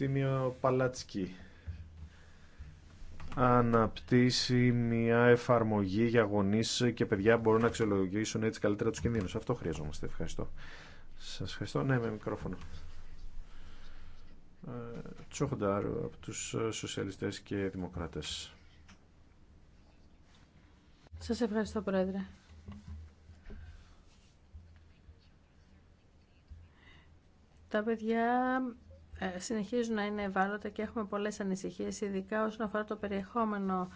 Τίμιο Παλατσκι αναπτύσσει μια εφαρμογή για γονεί και παιδιά μπορούν να αξιολογήσουν έτσι καλύτερα του κινδύνους. Αυτό χρειαζόμαστε. Ευχαριστώ. Σα ευχαριστώ. Ναι, με μικρόφωνο. Ε, Τσόχονταρ από του σοσιαλιστέ και δημοκρατε. Σα ευχαριστώ, Πρόεδρε. Τα παιδιά ε, συνεχίζουν να είναι ευάλωτα και έχουμε πολλές ανησυχίες, ειδικά όσον αφορά το περιεχόμενο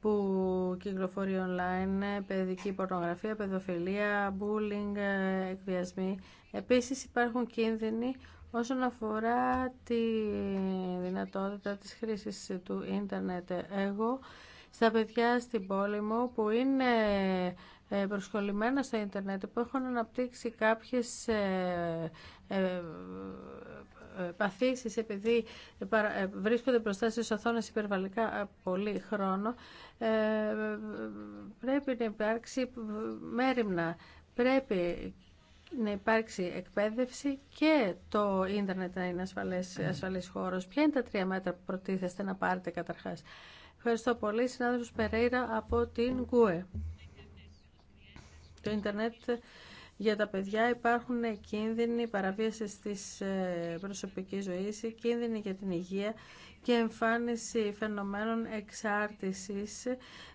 που κυκλοφορεί online, παιδική πορνογραφία, παιδοφιλία, bullying, ε, εκβιασμοί. Επίσης υπάρχουν κίνδυνοι όσον αφορά τη δυνατότητα της χρήσης του ίντερνετ. Εγώ στα παιδιά στην πόλη μου που είναι ε, προσχολημένα στο ίντερνετ, που έχουν αναπτύξει κάποιες παθήσεις επειδή ε, βρίσκονται μπροστά στις οθόνες υπερβαλικά πολύ χρόνο ε, πρέπει να υπάρξει μέρημνα πρέπει να υπάρξει εκπαίδευση και το ίντερνετ να είναι ασφαλές, ασφαλής χώρος. Ποια είναι τα τρία μέτρα που προτίθεστε να πάρετε καταρχάς. Ευχαριστώ πολύ. Συνάδελφος Περέιρα από την ΚΟΕ. Το ίντερνετ για τα παιδιά υπάρχουν κίνδυνοι παραβίαση της ε, προσωπική ζωής, κίνδυνοι για την υγεία και εμφάνιση φαινομένων εξάρτησης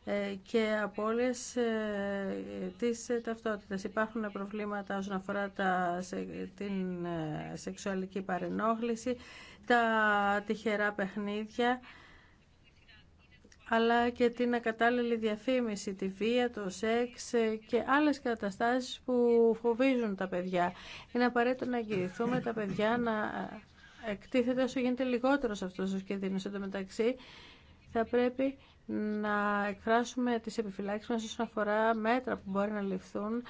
ε, και απώλειας ε, της ταυτότητας. Υπάρχουν προβλήματα όσον αφορά τα, την σεξουαλική παρενόχληση, τα τυχερά παιχνίδια αλλά και την ακατάλληλη διαφήμιση, τη βία, το σεξ και άλλες καταστάσεις που φοβίζουν τα παιδιά. Είναι απαραίτητο να εγγυηθούμε τα παιδιά να εκτίθεται όσο γίνεται λιγότερο σε αυτός τους κινδύνους. Εν τω μεταξύ θα πρέπει να εκφράσουμε τις επιφυλάξεις μας όσον αφορά μέτρα που μπορεί να ληφθούν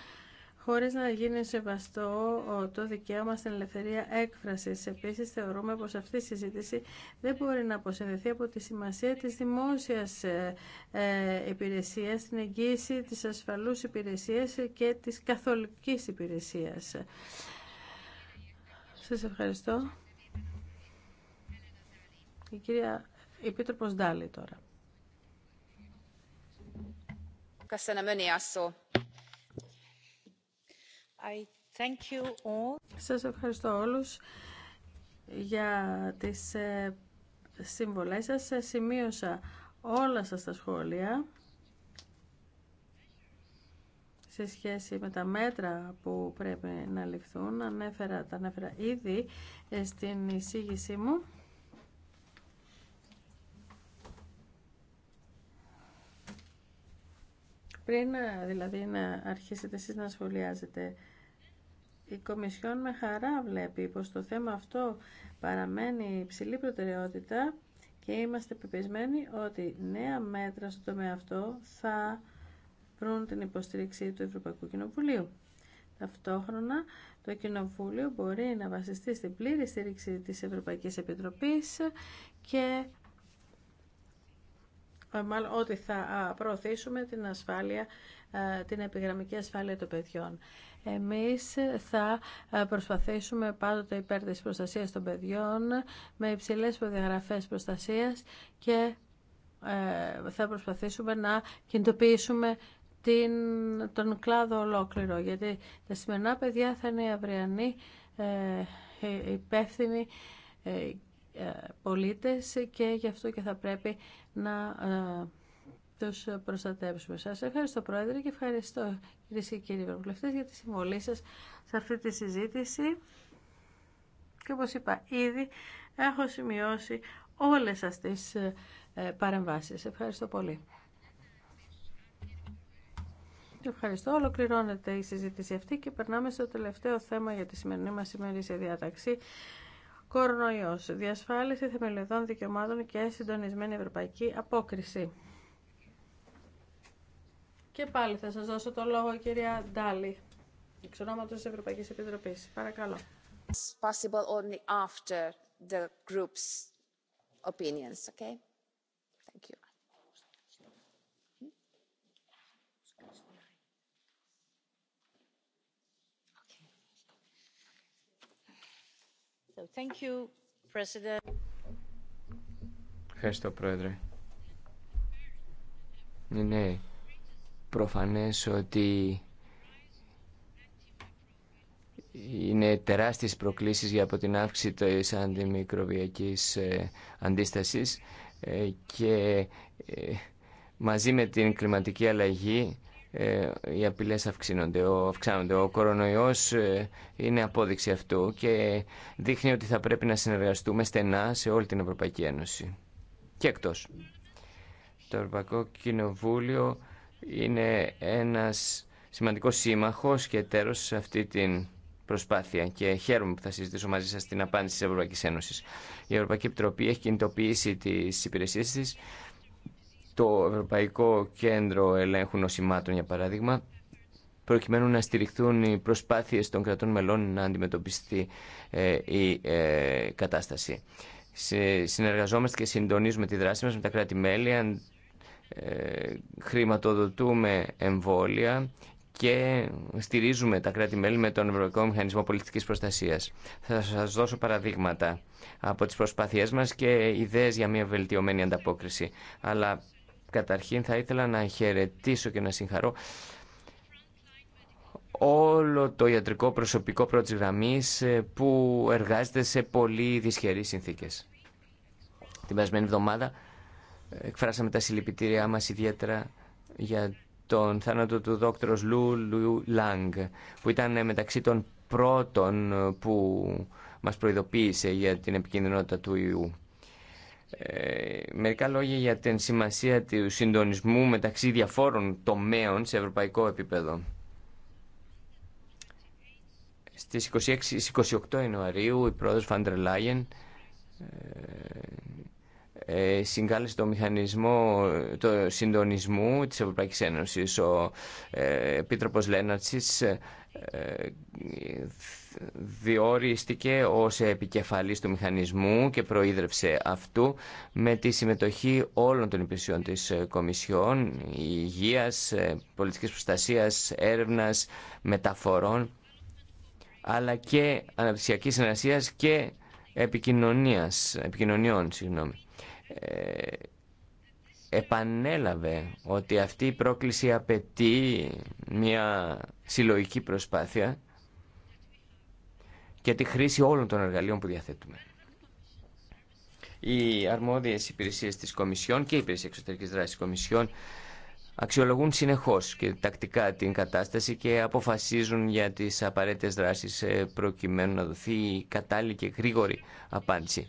χωρίς να γίνει σεβαστό το δικαίωμα στην ελευθερία έκφρασης. Επίσης, θεωρούμε πως αυτή η συζήτηση δεν μπορεί να αποσυνδεθεί από τη σημασία της δημόσιας ε, ε, υπηρεσίας, την εγγύηση της ασφαλούς υπηρεσίας και της καθολικής υπηρεσίας. Σας ευχαριστώ. Η κυρία Επίτροπος Ντάλη τώρα. Σας ευχαριστώ όλους για τις ε, συμβολές σας. Σημείωσα όλα σας τα σχόλια σε σχέση με τα μέτρα που πρέπει να ληφθούν. Ανέφερα, τα ανέφερα ήδη ε, στην εισήγησή μου. Πριν ε, δηλαδή να αρχίσετε εσείς να σχολιάζετε η Κομισιόν με χαρά βλέπει πως το θέμα αυτό παραμένει υψηλή προτεραιότητα και είμαστε πεπισμένοι ότι νέα μέτρα στο τομέα αυτό θα βρουν την υποστήριξη του Ευρωπαϊκού Κοινοβουλίου. Ταυτόχρονα, το Κοινοβούλιο μπορεί να βασιστεί στην πλήρη στήριξη της Ευρωπαϊκής Επιτροπής και ε, μάλλον ότι θα προωθήσουμε την ασφάλεια, ε, την επιγραμμική ασφάλεια των παιδιών. Εμείς θα ε, προσπαθήσουμε πάντοτε υπέρ της προστασίας των παιδιών με υψηλές προδιαγραφές προστασίας και ε, θα προσπαθήσουμε να κινητοποιήσουμε την, τον κλάδο ολόκληρο γιατί τα σημερινά παιδιά θα είναι οι αυριανοί ε, υπεύθυνοι πολίτες και γι' αυτό και θα πρέπει να τους προστατέψουμε. Σας ευχαριστώ Πρόεδρε και ευχαριστώ κυρίε και κύριοι ευρωβουλευτές για τη συμβολή σας σε αυτή τη συζήτηση. Και όπως είπα ήδη έχω σημειώσει όλες σας τις ε, παρεμβάσεις. Ευχαριστώ πολύ. Ευχαριστώ. Ολοκληρώνεται η συζήτηση αυτή και περνάμε στο τελευταίο θέμα για τη σημερινή μας ημερήσια διάταξη. Κορονοϊός. Διασφάλιση θεμελιωδών δικαιωμάτων και συντονισμένη ευρωπαϊκή απόκριση. Και πάλι θα σας δώσω το λόγο, κυρία Ντάλι, εξονόματος της Ευρωπαϊκής Επιτροπής. Παρακαλώ. Possible only after the group's opinions, okay? Thank you. So, thank you, President. Ευχαριστώ, Πρόεδρε. Ναι. ναι προφανές ότι είναι τεράστιες προκλήσεις για από την αύξηση της αντιμικροβιακής ε, αντίστασης ε, και ε, μαζί με την κλιματική αλλαγή οι απειλές αυξάνονται. Ο, αυξάνονται. ο κορονοϊός είναι απόδειξη αυτού και δείχνει ότι θα πρέπει να συνεργαστούμε στενά σε όλη την Ευρωπαϊκή Ένωση. Και εκτός. Το Ευρωπαϊκό Κοινοβούλιο είναι ένας σημαντικός σύμμαχος και εταίρος σε αυτή την προσπάθεια και χαίρομαι που θα συζητήσω μαζί σας την απάντηση της Ευρωπαϊκής Ένωσης. Η Ευρωπαϊκή Επιτροπή έχει κινητοποιήσει τις υπηρεσίες της, το Ευρωπαϊκό Κέντρο Ελέγχου Νοσημάτων για παράδειγμα, προκειμένου να στηριχθούν οι προσπάθειες των κρατών μελών να αντιμετωπιστεί ε, η ε, κατάσταση. Συνεργαζόμαστε και συντονίζουμε τη δράση μας με τα κράτη-μέλη, ε, χρηματοδοτούμε εμβόλια και στηρίζουμε τα κράτη-μέλη με τον Ευρωπαϊκό Μηχανισμό Πολιτικής Προστασίας. Θα σας δώσω παραδείγματα από τις προσπάθειές μας και ιδέες για μια βελτιωμένη ανταπόκριση. Αλλά καταρχήν θα ήθελα να χαιρετήσω και να συγχαρώ όλο το ιατρικό προσωπικό πρώτη γραμμή ε, που εργάζεται σε πολύ δυσχερή συνθήκες. Την περασμένη εβδομάδα εκφράσαμε τα συλληπιτήριά μας ιδιαίτερα για τον θάνατο του δόκτρος Λου Λου Λάγκ που ήταν μεταξύ των πρώτων που μας προειδοποίησε για την επικίνδυνοτητα του ιού. Ε, μερικά λόγια για την σημασία του συντονισμού μεταξύ διαφόρων τομέων σε ευρωπαϊκό επίπεδο. Στις 26, 28 Ιανουαρίου η πρόεδρος Φάντερ Λάγεν ε, ε, συγκάλεσε το μηχανισμό το συντονισμού της Ευρωπαϊκής Ένωσης. Ο ε, Επίτροπος ε, διορίστηκε ως επικεφαλής του μηχανισμού και προείδρευσε αυτού με τη συμμετοχή όλων των υπηρεσιών της ε, Κομισιόν, υγείας, πολιτικής προστασίας, έρευνας, μεταφορών, αλλά και αναπτυξιακής συνεργασίας και επικοινωνίας, επικοινωνιών. Συγγνώμη. Ε, επανέλαβε ότι αυτή η πρόκληση απαιτεί μια συλλογική προσπάθεια και τη χρήση όλων των εργαλείων που διαθέτουμε. Οι αρμόδιες υπηρεσίες της Κομισιόν και η υπηρεσία εξωτερικής δράσης της Κομισιόν αξιολογούν συνεχώς και τακτικά την κατάσταση και αποφασίζουν για τις απαραίτητες δράσεις ε, προκειμένου να δοθεί κατάλληλη και γρήγορη απάντηση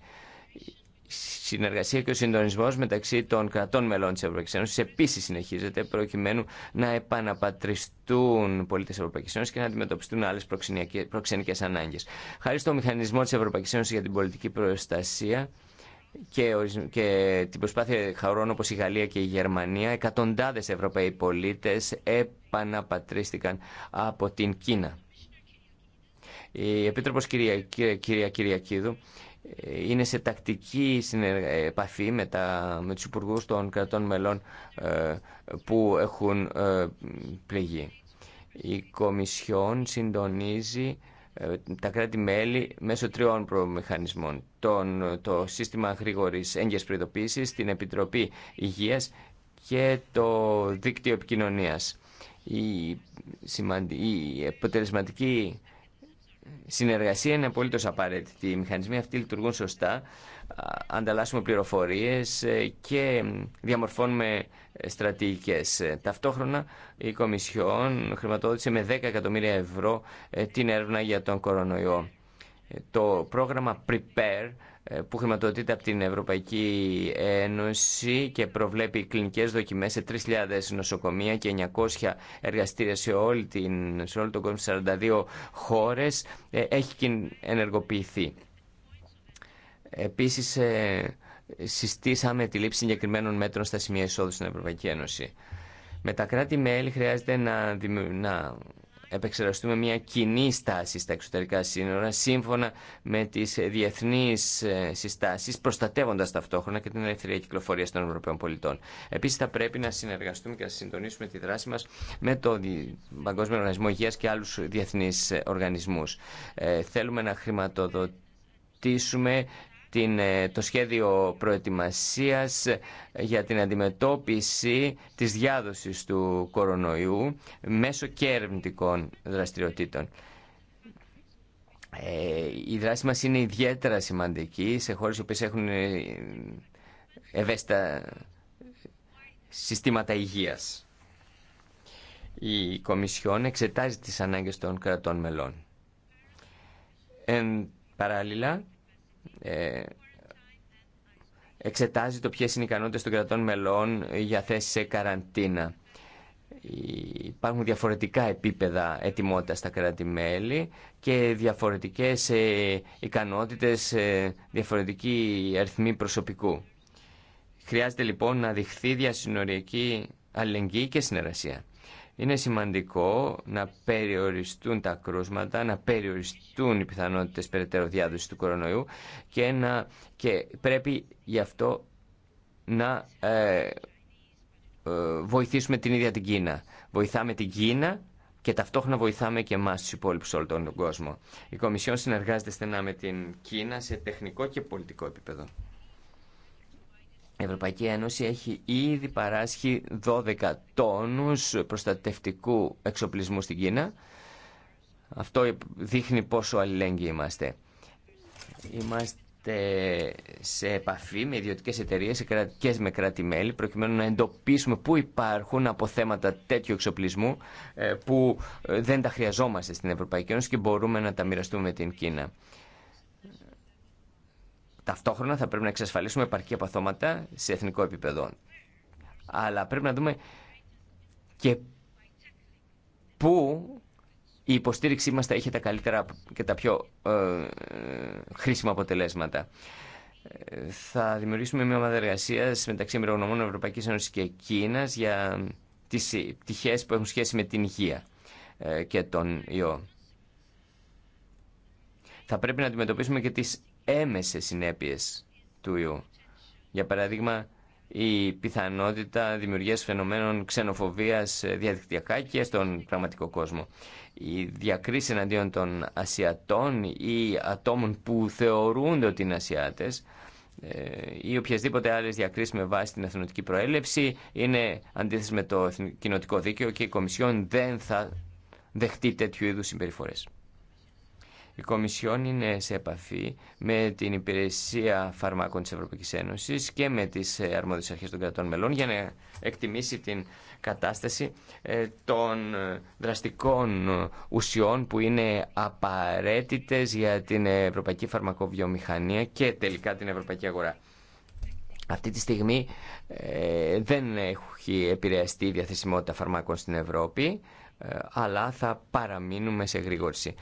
συνεργασία και ο συντονισμό μεταξύ των κρατών μελών τη Ευρωπαϊκή Ένωση επίση συνεχίζεται προκειμένου να επαναπατριστούν πολίτε τη Ευρωπαϊκή Ένωση και να αντιμετωπιστούν άλλε προξενικέ ανάγκε. Χάρη στο μηχανισμό τη Ευρωπαϊκή Ένωση για την πολιτική προστασία και, και την προσπάθεια χαρών όπω η Γαλλία και η Γερμανία, εκατοντάδε Ευρωπαίοι πολίτε επαναπατρίστηκαν από την Κίνα. Η Επίτροπος κυρία Κυριακίδου είναι σε τακτική επαφή με, τα, με τους υπουργούς των κρατών μελών ε, που έχουν ε, πληγεί. Η Κομισιόν συντονίζει ε, τα κράτη-μέλη μέσω τριών προμηχανισμών. Τον, το σύστημα γρήγορης έγκαιρης προειδοποίησης, την Επιτροπή Υγείας και το δίκτυο επικοινωνίας. Η, η αποτελεσματική συνεργασία είναι απολύτως απαραίτητη. Οι μηχανισμοί αυτοί λειτουργούν σωστά, ανταλλάσσουμε πληροφορίες ε, και διαμορφώνουμε στρατηγικές. Ε, ταυτόχρονα η Κομισιόν χρηματοδότησε με 10 εκατομμύρια ευρώ ε, την έρευνα για τον κορονοϊό. Το πρόγραμμα PREPARE ε, που χρηματοδοτείται από την Ευρωπαϊκή Ένωση και προβλέπει κλινικές δοκιμές σε 3.000 νοσοκομεία και 900 εργαστήρια σε, όλη την, σε όλο τον κόσμο, 42 χώρες, ε, έχει ενεργοποιηθεί. Επίσης, ε, συστήσαμε τη λήψη συγκεκριμένων μέτρων στα σημεία εισόδου στην Ευρωπαϊκή Ένωση. Με τα κράτη-μέλη χρειάζεται να, να επεξεργαστούμε μια κοινή στάση στα εξωτερικά σύνορα σύμφωνα με τις διεθνείς ε, συστάσεις προστατεύοντας ταυτόχρονα και την ελευθερία κυκλοφορίας των Ευρωπαίων πολιτών. Επίσης θα πρέπει να συνεργαστούμε και να συντονίσουμε τη δράση μας με το Παγκόσμιο Οργανισμό Υγείας και άλλους διεθνείς ε, οργανισμούς. Ε, θέλουμε να χρηματοδοτήσουμε ε, το σχέδιο προετοιμασίας ε, για την αντιμετώπιση της διάδοσης του κορονοϊού μέσω και ερευνητικών δραστηριοτήτων. Ε, η δράση μας είναι ιδιαίτερα σημαντική σε χώρες που έχουν ευαίσθητα συστήματα υγείας. Η Κομισιόν εξετάζει τις ανάγκες των κρατών μελών. Εν παράλληλα, ε, εξετάζει το ποιες είναι οι ικανότητες των κρατών μελών για θέσεις σε καραντίνα. Υπάρχουν διαφορετικά επίπεδα ετοιμότητας στα κράτη-μέλη και διαφορετικές ε, ικανότητες, ε, διαφορετική αριθμή προσωπικού. Χρειάζεται λοιπόν να δειχθεί διασυνοριακή αλληλεγγύη και συνεργασία. Είναι σημαντικό να περιοριστούν τα κρούσματα, να περιοριστούν οι πιθανότητες περαιτέρω διάδοσης του κορονοϊού και, να, και πρέπει γι' αυτό να ε, ε βοηθήσουμε την ίδια την Κίνα. Βοηθάμε την Κίνα και ταυτόχρονα βοηθάμε και εμά του υπόλοιπου όλων τον κόσμο. Η Κομισιόν συνεργάζεται στενά με την Κίνα σε τεχνικό και πολιτικό επίπεδο. Η Ευρωπαϊκή Ένωση έχει ήδη παράσχει 12 τόνους προστατευτικού εξοπλισμού στην Κίνα. Αυτό δείχνει πόσο αλληλέγγυοι είμαστε. Είμαστε σε επαφή με ιδιωτικέ εταιρείε και με κράτη-μέλη προκειμένου να εντοπίσουμε πού υπάρχουν αποθέματα τέτοιου εξοπλισμού ε, που ε, δεν τα χρειαζόμαστε στην Ευρωπαϊκή Ένωση και μπορούμε να τα μοιραστούμε με την Κίνα. Ταυτόχρονα θα πρέπει να εξασφαλίσουμε επαρκή απαθώματα σε εθνικό επίπεδο. Αλλά πρέπει να δούμε και πού η υποστήριξή μας θα είχε τα καλύτερα και τα πιο ε, χρήσιμα αποτελέσματα. Θα δημιουργήσουμε μια ομάδα εργασία μεταξύ εμπειρογνωμών Ευρωπαϊκή Ένωση και Κίνα για τι πτυχέ που έχουν σχέση με την υγεία ε, και τον ιό. Θα πρέπει να αντιμετωπίσουμε και τις έμεσες συνέπειες του ιού. Για παράδειγμα, η πιθανότητα δημιουργίας φαινομένων ξενοφοβίας ε, διαδικτυακά και στον πραγματικό κόσμο. Η διακρίση εναντίον των Ασιατών ή ατόμων που θεωρούνται ότι είναι Ασιάτες ε, ή οποιασδήποτε άλλες διακρίσεις με βάση την εθνοτική προέλευση είναι αντίθεση με το κοινοτικό δίκαιο και η Κομισιόν δεν θα δεχτεί τέτοιου είδους συμπεριφορές. Η Κομισιόν είναι σε επαφή με την Υπηρεσία Φαρμάκων της Ευρωπαϊκής Ένωσης και με τις ε, αρμόδιες αρχές των κρατών μελών για να εκτιμήσει την κατάσταση ε, των ε, δραστικών ουσιών που είναι απαραίτητες για την Ευρωπαϊκή Φαρμακοβιομηχανία και τελικά την Ευρωπαϊκή Αγορά. Αυτή τη στιγμή δεν έχει επηρεαστεί η διαθεσιμότητα φαρμάκων στην Ευρώπη, αλλά θα παραμείνουμε σε γρήγορση.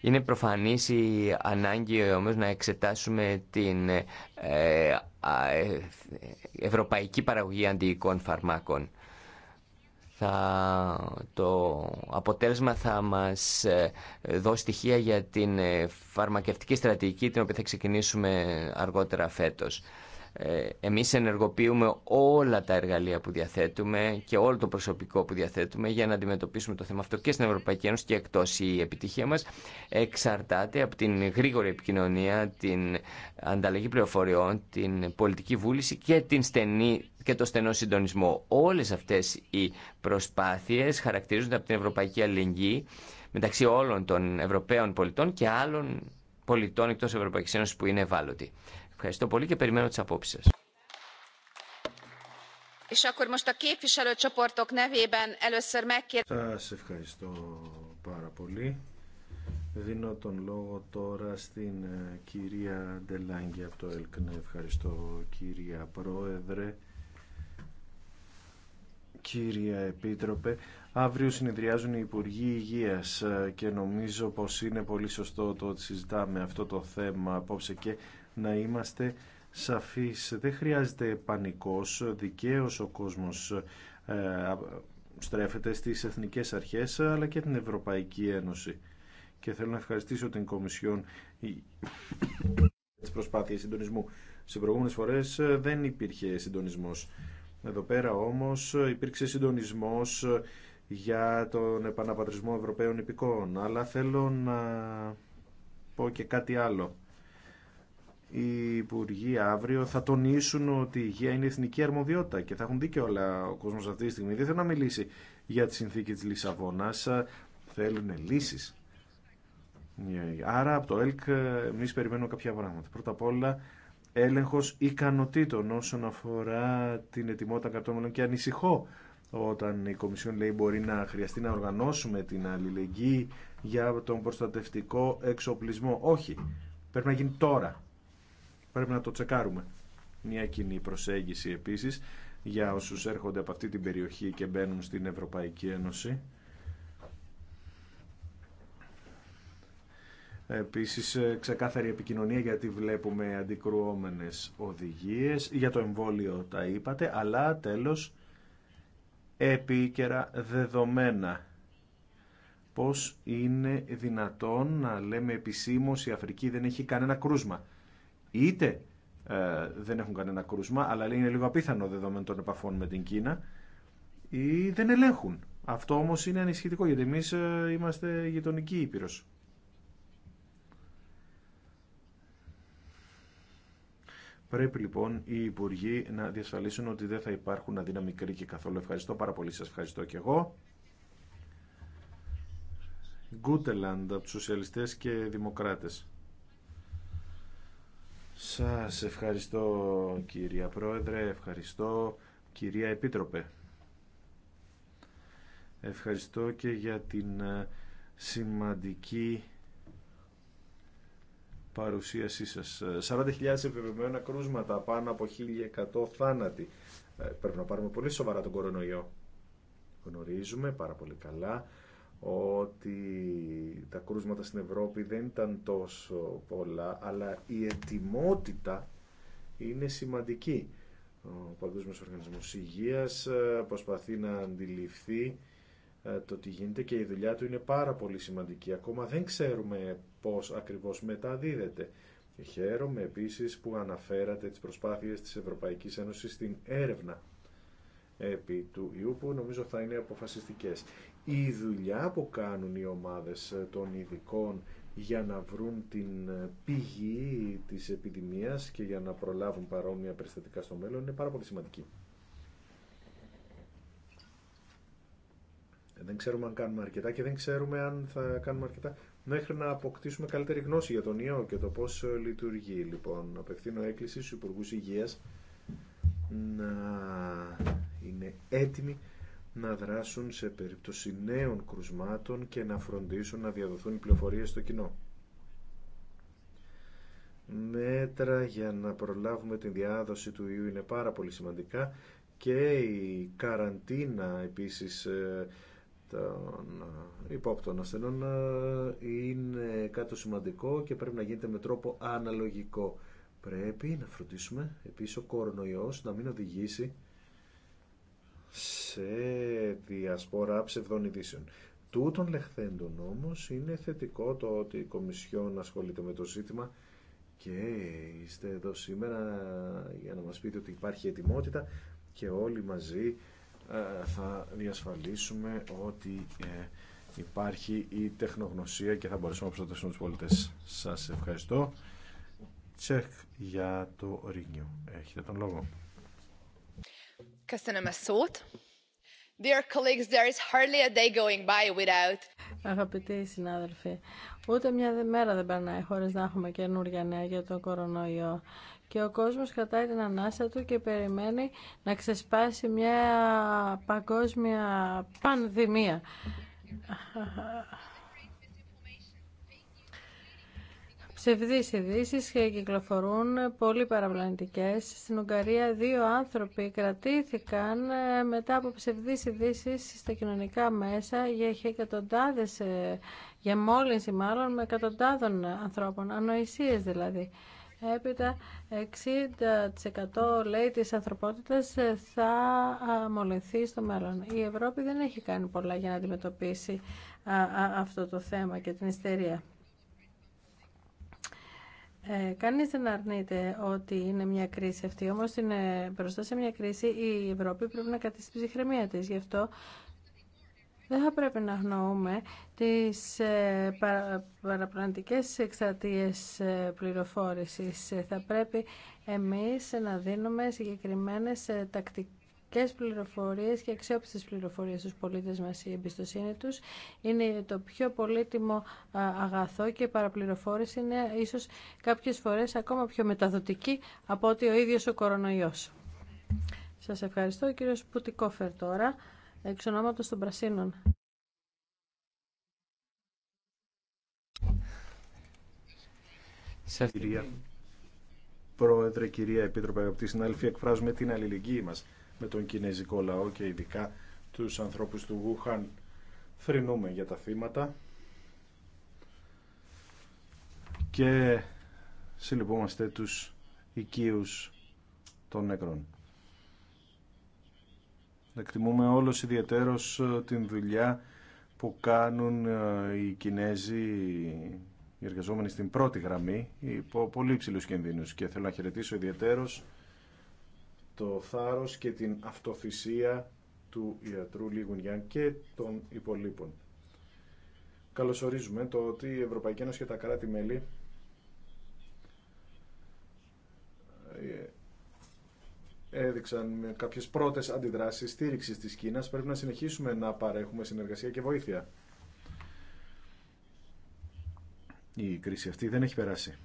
Είναι προφανής η ανάγκη όμως να εξετάσουμε την ε, ε, ευρωπαϊκή παραγωγή αντιοικών φαρμάκων. Θα, το αποτέλεσμα θα μας ε, δώσει στοιχεία για την φαρμακευτική στρατηγική την οποία θα ξεκινήσουμε αργότερα φέτος. Ε, εμείς ενεργοποιούμε όλα τα εργαλεία που διαθέτουμε και όλο το προσωπικό που διαθέτουμε για να αντιμετωπίσουμε το θέμα αυτό και στην Ευρωπαϊκή Ένωση και εκτός. Η επιτυχία μας εξαρτάται από την γρήγορη επικοινωνία, την ανταλλαγή πληροφοριών, την πολιτική βούληση και, την στενή, και το στενό συντονισμό. Όλες αυτές οι προσπάθειες χαρακτηρίζονται από την Ευρωπαϊκή Αλληλεγγύη μεταξύ όλων των Ευρωπαίων πολιτών και άλλων πολιτών εκτός Ευρωπαϊκής Ένωσης που είναι ευάλωτοι. Ευχαριστώ πολύ και περιμένω τις απόψεις σας. Σας ευχαριστώ πάρα πολύ. Δίνω τον λόγο τώρα στην ε, κυρία Ντελάγκη από το ΕΛΚΝΕ. Ναι, ευχαριστώ κυρία Πρόεδρε. Κύρια Επίτροπε, αύριο συνεδριάζουν οι Υπουργοί Υγείας ε, και νομίζω πως είναι πολύ σωστό το ότι συζητάμε αυτό το θέμα απόψε και να είμαστε σαφείς. Δεν χρειάζεται πανικός, δικαίως ο κόσμος ε, στρέφεται στις εθνικές αρχές αλλά και την Ευρωπαϊκή Ένωση. Και θέλω να ευχαριστήσω την Κομισιόν τις προσπάθειες συντονισμού. Σε προηγούμενες φορές ε, δεν υπήρχε συντονισμός. Εδώ πέρα όμως υπήρξε συντονισμός ε, για τον επαναπατρισμό Ευρωπαίων υπηκών. Αλλά θέλω να πω και κάτι άλλο οι υπουργοί αύριο θα τονίσουν ότι η υγεία είναι εθνική αρμοδιότητα και θα έχουν δίκιο όλα ο κόσμος αυτή τη στιγμή. Δεν θέλω να μιλήσει για τη συνθήκη της Λισαβόνας, θέλουν λύσεις. Άρα από το ΕΛΚ εμεί περιμένουμε κάποια πράγματα. Πρώτα απ' όλα έλεγχος ικανοτήτων όσον αφορά την ετοιμότητα κατώμενων και ανησυχώ όταν η Κομισιόν λέει μπορεί να χρειαστεί να οργανώσουμε την αλληλεγγύη για τον προστατευτικό εξοπλισμό. Όχι. Πρέπει να γίνει τώρα. Πρέπει να το τσεκάρουμε. Μια κοινή προσέγγιση επίσης για όσους έρχονται από αυτή την περιοχή και μπαίνουν στην Ευρωπαϊκή Ένωση. Επίσης ε, ξεκάθαρη επικοινωνία γιατί βλέπουμε αντικρουόμενες οδηγίες. Για το εμβόλιο τα είπατε, αλλά τέλος επίκαιρα δεδομένα. Πώς είναι δυνατόν να λέμε επισήμως η Αφρική δεν έχει κανένα κρούσμα είτε ε, δεν έχουν κανένα κρούσμα, αλλά είναι λίγο απίθανο δεδομένων των επαφών με την Κίνα, ή δεν ελέγχουν. Αυτό όμως είναι ανησυχητικό, γιατί εμείς ε, είμαστε γειτονική ήπειρος. Πρέπει λοιπόν οι Υπουργοί να διασφαλίσουν ότι δεν θα υπάρχουν αδύναμοι κρίκοι καθόλου. Ευχαριστώ πάρα πολύ. Σας ευχαριστώ και εγώ. Γκούτελαντ από Σοσιαλιστές και Δημοκράτες. Σας ευχαριστώ κυρία Πρόεδρε, ευχαριστώ κυρία Επίτροπε. Ευχαριστώ και για την ε, σημαντική παρουσίασή σας. 40.000 ε, επιβεβαιωμένα κρούσματα, πάνω από 1.100 θάνατοι. Ε, πρέπει να πάρουμε πολύ σοβαρά τον κορονοϊό. Γνωρίζουμε πάρα πολύ καλά ότι τα κρούσματα στην Ευρώπη δεν ήταν τόσο πολλά, αλλά η ετοιμότητα είναι σημαντική. Ο Παγκόσμιο οργανισμό Υγεία ε, προσπαθεί να αντιληφθεί ε, το τι γίνεται και η δουλειά του είναι πάρα πολύ σημαντική. Ακόμα δεν ξέρουμε πώς ακριβώς μεταδίδεται. χαίρομαι επίσης που αναφέρατε τις προσπάθειες της Ευρωπαϊκής Ένωσης στην έρευνα επί του ιού που νομίζω θα είναι αποφασιστικές η δουλειά που κάνουν οι ομάδες ε, των ειδικών για να βρουν την ε, πηγή της επιδημίας και για να προλάβουν παρόμοια περιστατικά στο μέλλον είναι πάρα πολύ σημαντική. Ε, δεν ξέρουμε αν κάνουμε αρκετά και δεν ξέρουμε αν θα κάνουμε αρκετά μέχρι να αποκτήσουμε καλύτερη γνώση για τον ιό και το πώς λειτουργεί. Λοιπόν, απευθύνω έκκληση στους Υπουργούς Υγείας να είναι έτοιμοι να δράσουν σε περίπτωση νέων κρουσμάτων και να φροντίσουν να διαδοθούν οι πληροφορίες στο κοινό. Μέτρα για να προλάβουμε την διάδοση του ιού είναι πάρα πολύ σημαντικά και η καραντίνα επίσης ε, των ε, υπόπτων ασθενών ε, είναι κάτι σημαντικό και πρέπει να γίνεται με τρόπο αναλογικό. Πρέπει να φροντίσουμε επίσης ο κορονοϊός να μην οδηγήσει σε διασπορά ψευδών ειδήσεων. Τούτων λεχθέντων όμως είναι θετικό το ότι η Κομισιόν ασχολείται με το ζήτημα και είστε εδώ σήμερα για να μας πείτε ότι υπάρχει ετοιμότητα και όλοι μαζί ε, θα διασφαλίσουμε ότι ε, υπάρχει η τεχνογνωσία και θα μπορέσουμε να προστατεύσουμε τους πολίτες. Σας ευχαριστώ. Τσεχ για το Ρήνιο. Έχετε τον λόγο. Αγαπητοί συνάδελφοι, ούτε μια μέρα δεν περνάει χωρίς να έχουμε καινούργια νέα για τον κορονοϊό και ο κόσμος κρατάει την ανάσα του και περιμένει να ξεσπάσει μια παγκόσμια πανδημία. Ψευδείς ειδήσει κυκλοφορούν πολύ παραπλανητικές. Στην Ουγγαρία δύο άνθρωποι κρατήθηκαν ε, μετά από ψευδείς ειδήσει στα κοινωνικά μέσα για εκατοντάδες, ε, για μόλυνση μάλλον, με εκατοντάδων ανθρώπων, ανοησίες δηλαδή. Έπειτα 60% λέει της ανθρωπότητας ε, θα μολυνθεί στο μέλλον. Η Ευρώπη δεν έχει κάνει πολλά για να αντιμετωπίσει αυτό το θέμα και την ιστερία. Ε, κανείς δεν αρνείται ότι είναι μια κρίση αυτή, όμως είναι μπροστά σε μια κρίση η Ευρώπη πρέπει να κατήσει την ψυχραιμία τη. Γι' αυτό δεν θα πρέπει να αγνοούμε τις ε, παραπλανητικές εξαρτίες ε, πληροφόρηση. Θα πρέπει εμείς να δίνουμε συγκεκριμένες ε, τακτικές πραγματικές πληροφορίες και αξιόπιστε πληροφορίε στους πολίτες μας η εμπιστοσύνη τους είναι το πιο πολύτιμο αγαθό και η παραπληροφόρηση είναι ίσως κάποιες φορές ακόμα πιο μεταδοτική από ότι ο ίδιο ο κορονοιό. Σας ευχαριστώ ο κύριος Πουτικόφερ τώρα, εξ ονόματος των Πρασίνων. Κυρία Πρόεδρε, κυρία Επίτροπε, αγαπητοί συνάδελφοι, εκφράζουμε την αλληλεγγύη μας με τον κινέζικο λαό και ειδικά τους ανθρώπους του Γουχάν. φρυνούμε για τα θύματα και συλληπόμαστε τους οικείους των νεκρών. Εκτιμούμε όλος ιδιαίτερος ε, την δουλειά που κάνουν ε, οι Κινέζοι οι εργαζόμενοι στην πρώτη γραμμή υπό πολύ ψηλού κινδύνους και θέλω να χαιρετήσω ιδιαίτερος το θάρρος και την αυτοθυσία του ιατρού Λιγουνιάν και των υπολείπων. Καλωσορίζουμε το ότι η Ευρωπαϊκή Ένωση και τα κράτη-μέλη ε, έδειξαν με κάποιες πρώτες αντιδράσεις στήριξης της Κίνας. Πρέπει να συνεχίσουμε να παρέχουμε συνεργασία και βοήθεια. Η κρίση αυτή δεν έχει περάσει.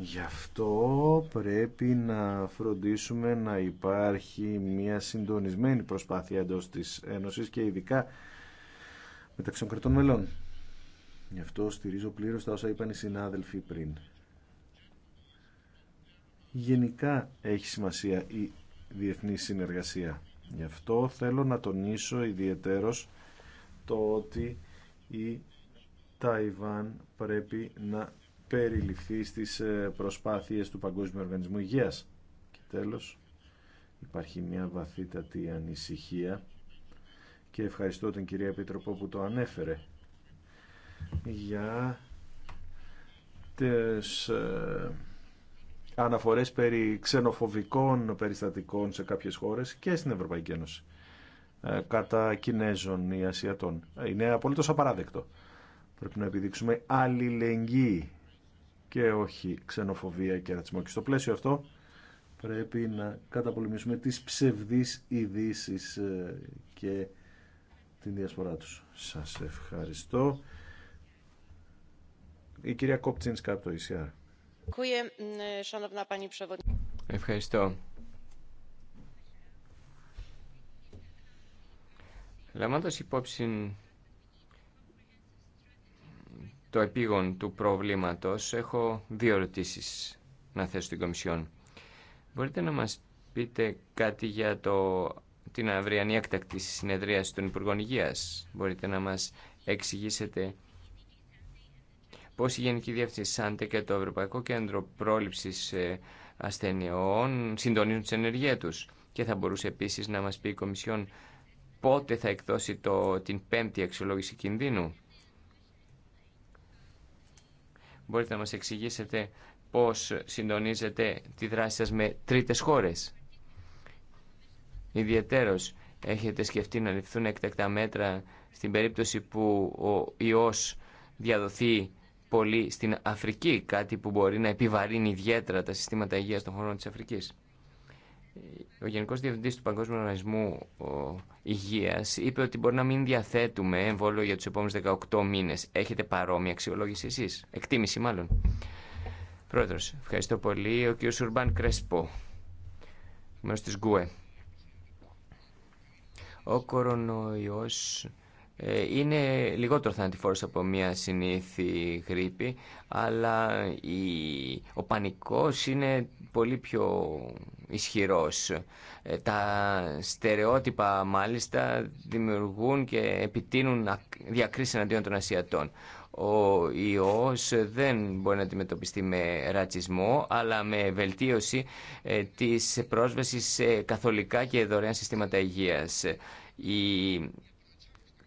Γι' αυτό πρέπει να φροντίσουμε να υπάρχει μια συντονισμένη προσπάθεια εντός της Ένωσης και ειδικά μεταξύ των κρατών μελών. Γι' αυτό στηρίζω πλήρως τα όσα είπαν οι συνάδελφοι πριν. Γενικά έχει σημασία η διεθνή συνεργασία. Γι' αυτό θέλω να τονίσω ιδιαιτέρως το ότι η Ταϊβάν πρέπει να περιληφθεί στις ε, προσπάθειες του Παγκόσμιου Οργανισμού Υγείας. Και τέλος, υπάρχει μια βαθύτατη ανησυχία και ευχαριστώ την κυρία Επιτροπό που το ανέφερε για τις ε, αναφορές περί ξενοφοβικών περιστατικών σε κάποιες χώρες και στην Ευρωπαϊκή Ένωση ε, κατά Κινέζων ή Ασιατών. Είναι απολύτως απαράδεκτο. Πρέπει να επιδείξουμε αλληλεγγύη και όχι ξενοφοβία και ρατσισμό. Και στο πλαίσιο αυτό πρέπει να καταπολεμήσουμε τις ψευδείς ειδήσει ε, και την διασπορά τους. Σας ευχαριστώ. Η κυρία Κόπτσινσκα από το mm, ECR. Ευχαριστώ. Λαμβάνοντας υπόψη το επίγον του προβλήματος, έχω δύο ερωτήσει να θέσω στην Κομισιόν. Μπορείτε να μας πείτε κάτι για το, την αυριανή έκτακτη συνεδρία... των Υπουργών Υγείας. Μπορείτε να μας εξηγήσετε πώς η Γενική Διεύθυνση ΣΑΝΤΕ και το Ευρωπαϊκό Κέντρο Πρόληψης ε, Ασθενειών συντονίζουν τις ενεργεία τους. Και θα μπορούσε επίσης να μας πει η Κομισιόν πότε θα εκδώσει το, την πέμπτη αξιολόγηση κινδύνου Μπορείτε να μας εξηγήσετε πώς συντονίζετε τη δράση σας με τρίτες χώρες. Ιδιαιτέρως έχετε σκεφτεί να ληφθούν εκτακτά μέτρα στην περίπτωση που ο ιός διαδοθεί πολύ στην Αφρική, κάτι που μπορεί να επιβαρύνει ιδιαίτερα τα συστήματα υγείας των χωρών της Αφρικής ο Γενικό Διευθύντη του Παγκόσμιου Οργανισμού Υγεία είπε ότι μπορεί να μην διαθέτουμε εμβόλιο για τους επόμενου 18 μήνες. Έχετε παρόμοια αξιολόγηση εσεί. εκτίμηση μάλλον. Πρόεδρος, ευχαριστώ πολύ. Ο κ. Σουρμπάν Κρέσπο, μέρο τη ΓΚΟΕ. Ο κορονοϊός ε, είναι λιγότερο θανατηφόρος από μια συνήθη γρήπη, αλλά η, ο πανικός είναι πολύ πιο ισχυρός. Ε, τα στερεότυπα μάλιστα δημιουργούν και επιτείνουν διακρίσεις εναντίον των Ασιατών. Ο ιός δεν μπορεί να αντιμετωπιστεί με ρατσισμό, αλλά με βελτίωση ε, της πρόσβασης σε καθολικά και δωρεάν συστήματα υγείας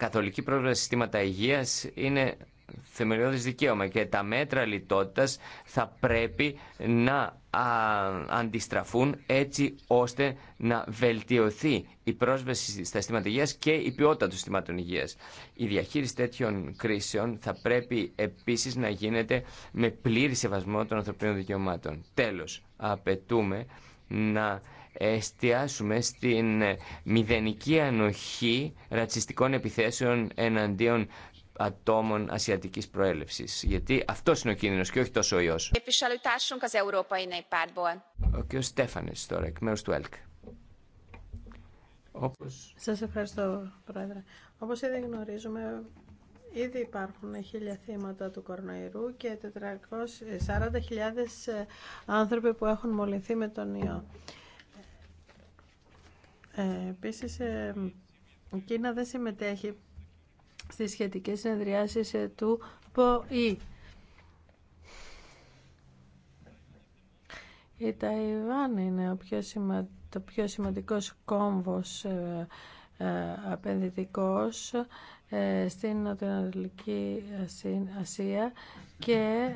καθολική πρόσβαση συστήματα υγεία είναι θεμελιώδης δικαίωμα και τα μέτρα λιτότητας θα πρέπει να αντιστραφούν έτσι ώστε να βελτιωθεί η πρόσβαση στα συστήματα υγεία και η ποιότητα των συστημάτων υγεία. Η διαχείριση τέτοιων κρίσεων θα πρέπει επίσης να γίνεται με πλήρη σεβασμό των ανθρωπίνων δικαιωμάτων. Τέλο, απαιτούμε να εστιάσουμε στην μηδενική ανοχή ρατσιστικών επιθέσεων εναντίον ατόμων ασιατικής προέλευσης. Γιατί αυτό είναι ο κίνδυνος και όχι τόσο ο ιός. Ο κ. Στέφανης τώρα, εκ μέρους του ΕΛΚ. Όπως... Σας ευχαριστώ, Πρόεδρε. Όπως ήδη γνωρίζουμε, Ήδη υπάρχουν χίλια θύματα του κορονοϊρού και 440.000 ε, άνθρωποι που έχουν μολυνθεί με τον ιό. Ε, επίσης, ε, η Κίνα δεν συμμετέχει στις σχετικές συνεδριάσεις ε, του ΠΟΗ. Η Ταϊβάν είναι ο πιο το πιο σημαντικό κόμβος ε, ε απενδυτικός στην Νοτιοανατολική Ασία και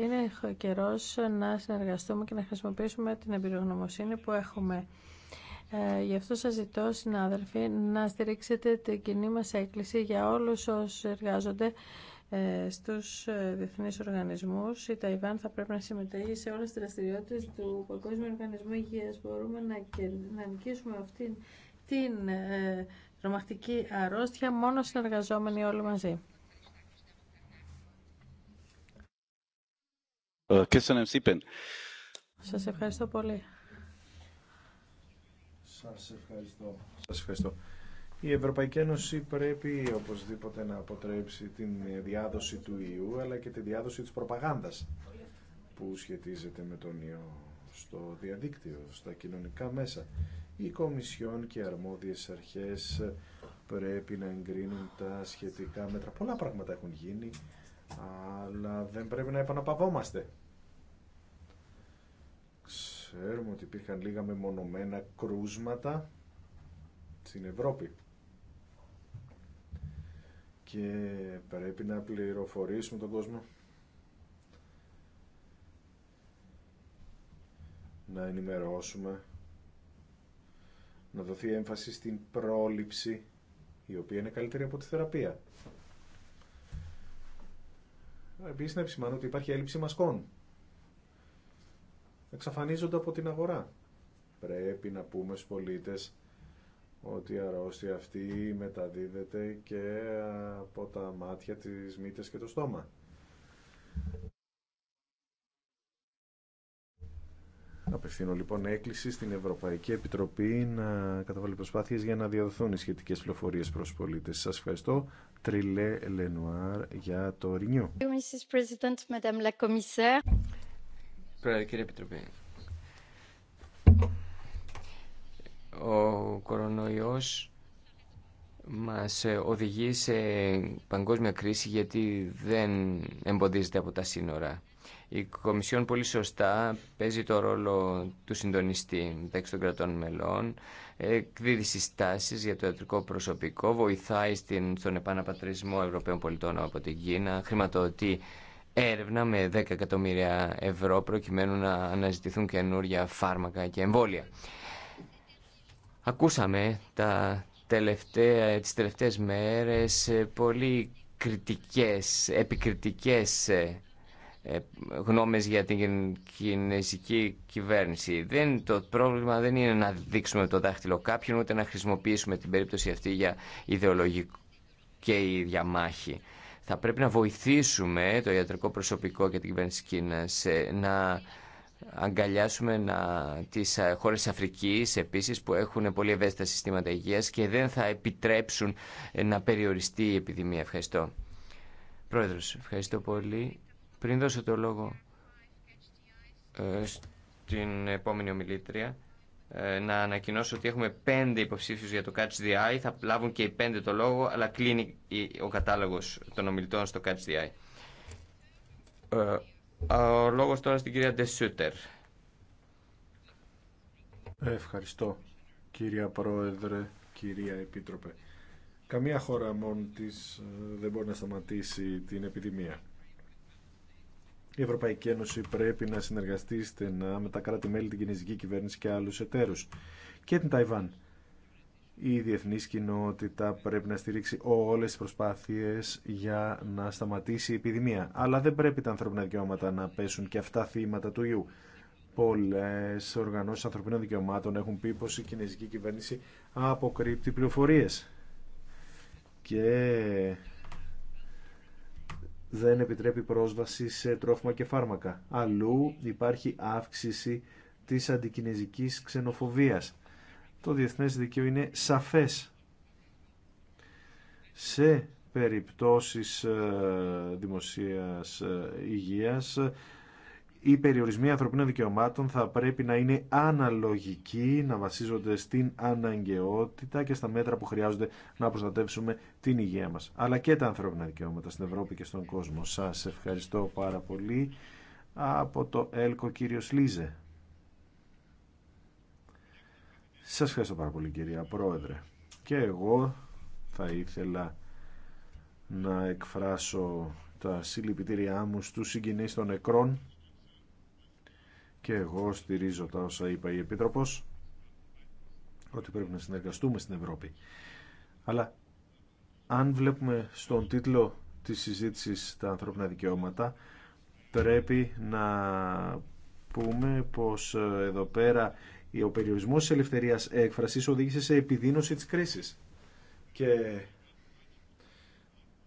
είναι καιρός να συνεργαστούμε και να χρησιμοποιήσουμε την εμπειρογνωμοσύνη που έχουμε. Ε, γι' αυτό σας ζητώ, συνάδελφοι, να στηρίξετε την κοινή μας έκκληση για όλους όσους εργάζονται ε, στους ε, διεθνείς οργανισμούς. Η Ταϊβάν θα πρέπει να συμμετέχει σε όλες τις δραστηριότητες του Παγκόσμιου Οργανισμού Υγείας. Μπορούμε να, να νικήσουμε αυτήν την ε, τρομακτική αρρώστια μόνο συνεργαζόμενοι όλοι μαζί. Σας ευχαριστώ πολύ. Σας ευχαριστώ. Σας ευχαριστώ. Η Ευρωπαϊκή Ένωση πρέπει οπωσδήποτε να αποτρέψει την διάδοση του ιού αλλά και τη διάδοση της προπαγάνδας που σχετίζεται με τον ιό στο διαδίκτυο, στα κοινωνικά μέσα. Οι Κομισιόν και οι αρμόδιες αρχές πρέπει να εγκρίνουν τα σχετικά μέτρα. Πολλά πράγματα έχουν γίνει, αλλά δεν πρέπει να επαναπαυόμαστε. Ξέρουμε ότι υπήρχαν λίγα μεμονωμένα κρούσματα στην Ευρώπη. Και πρέπει να πληροφορήσουμε τον κόσμο. Να ενημερώσουμε. Να δοθεί έμφαση στην πρόληψη, η οποία είναι καλύτερη από τη θεραπεία. Επίσης να επισημάνω ότι υπάρχει έλλειψη μασκών εξαφανίζονται από την αγορά. Πρέπει να πούμε στους πολίτες ότι η αρρώστια αυτή μεταδίδεται και από τα μάτια, τις μύτες και το στόμα. Απευθύνω λοιπόν έκκληση στην Ευρωπαϊκή Επιτροπή να καταβάλει προσπάθειες για να διαδοθούν οι σχετικές πληροφορίες προς πολίτες. Σας ευχαριστώ. Τριλέ Λενουάρ για το Ρινιό. Πρόεδρε, κύριε Επιτροπή. Ο κορονοϊός μας οδηγεί σε παγκόσμια κρίση γιατί δεν εμποδίζεται από τα σύνορα. Η Κομισιόν πολύ σωστά παίζει το ρόλο του συντονιστή μεταξύ των κρατών μελών, εκδίδει συστάσεις για το ιατρικό προσωπικό, βοηθάει στην, στον επαναπατρισμό Ευρωπαίων πολιτών από την Κίνα, χρηματοδοτεί έρευνα με 10 εκατομμύρια ευρώ προκειμένου να αναζητηθούν καινούρια φάρμακα και εμβόλια. Ακούσαμε τα τελευταία, τις τελευταίες μέρες ε, πολύ κριτικές, επικριτικές ε, ε, γνώμες για την κινέζικη κυβέρνηση. Δεν, το πρόβλημα δεν είναι να δείξουμε το δάχτυλο κάποιον, ούτε να χρησιμοποιήσουμε την περίπτωση αυτή για ιδεολογική διαμάχη. Θα πρέπει να βοηθήσουμε το ιατρικό προσωπικό και την κυβέρνηση Κίνας να αγκαλιάσουμε να, τις ε, χώρες της Αφρικής επίσης που έχουν πολύ ευαίσθητα συστήματα υγείας και δεν θα επιτρέψουν ε, να περιοριστεί η επιδημία. Ευχαριστώ. Πρόεδρος, ευχαριστώ πολύ. Πριν δώσω το λόγο ε, στην επόμενη ομιλήτρια, ε, να ανακοινώσω ότι έχουμε πέντε υποψήφιους για το Catch the Eye. Θα λάβουν και οι πέντε το λόγο, αλλά κλείνει ο κατάλογος των ομιλητών στο Catch the Eye. Ε, ο λόγος τώρα στην κυρία Ντεσούτερ. Ευχαριστώ κυρία Πρόεδρε, κυρία Επίτροπε. Καμία χώρα μόνη της ε, δεν μπορεί να σταματήσει την επιδημία. Η Ευρωπαϊκή Ένωση πρέπει να συνεργαστεί στενά με τα κράτη-μέλη, την κινέζικη κυβέρνηση και άλλους εταίρους. Και την Ταϊβάν. Η διεθνής κοινότητα πρέπει να στηρίξει όλες τις προσπάθειες για να σταματήσει η επιδημία. Αλλά δεν πρέπει τα ανθρώπινα δικαιώματα να πέσουν και αυτά θύματα του ιού. Πολλέ οργανώσει ανθρωπίνων δικαιωμάτων έχουν πει πω η κινέζικη κυβέρνηση αποκρύπτει πληροφορίε. Και δεν επιτρέπει πρόσβαση σε τρόφιμα και φάρμακα. Αλλού υπάρχει αύξηση της αντικινεζικής ξενοφοβίας. Το διεθνές δίκαιο είναι σαφές. Σε περιπτώσεις ε, δημοσίας ε, υγείας οι περιορισμοί ανθρωπίνων δικαιωμάτων θα πρέπει να είναι αναλογικοί, να βασίζονται στην αναγκαιότητα και στα μέτρα που χρειάζονται να προστατεύσουμε την υγεία μας. Αλλά και τα ανθρώπινα δικαιώματα στην Ευρώπη και στον κόσμο. Σας ευχαριστώ πάρα πολύ. Από το ΕΛΚΟ κύριος Λίζε. Σας ευχαριστώ πάρα πολύ κυρία Πρόεδρε. Και εγώ θα ήθελα να εκφράσω τα συλληπιτήριά μου στους συγκινείς των νεκρών και εγώ στηρίζω τα όσα είπα η Επίτροπος ότι πρέπει να συνεργαστούμε στην Ευρώπη. Αλλά αν βλέπουμε στον τίτλο της συζήτησης τα ανθρώπινα δικαιώματα πρέπει να πούμε πως ε, εδώ πέρα ο περιορισμός της ελευθερίας έκφρασης οδήγησε σε επιδείνωση της κρίσης. Και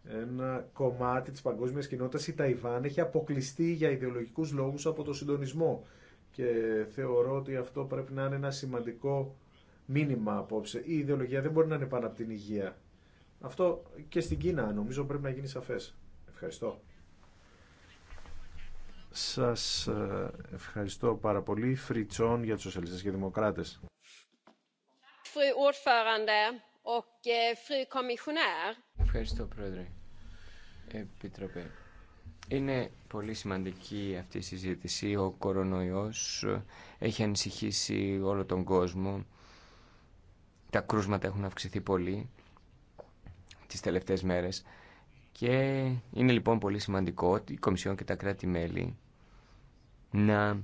ένα κομμάτι της παγκόσμιας κοινότητας η Ταϊβάν έχει αποκλειστεί για ιδεολογικούς λόγους από το συντονισμό και θεωρώ ότι αυτό πρέπει να είναι ένα σημαντικό μήνυμα απόψε. Η ιδεολογία δεν μπορεί να είναι πάνω από την υγεία. Αυτό και στην Κίνα νομίζω πρέπει να γίνει σαφές. Ευχαριστώ. Σας ε, ευχαριστώ πάρα πολύ. Φριτσόν για τους σοσιαλιστές και δημοκράτες. Ε, ευχαριστώ, Πρόεδρε. Επιτροπέ. Είναι πολύ σημαντική αυτή η συζήτηση. Ο κορονοϊός έχει ανησυχήσει όλο τον κόσμο. Τα κρούσματα έχουν αυξηθεί πολύ τις τελευταίες μέρες. Και είναι λοιπόν πολύ σημαντικό ότι η Κομισιόν και τα κράτη-μέλη να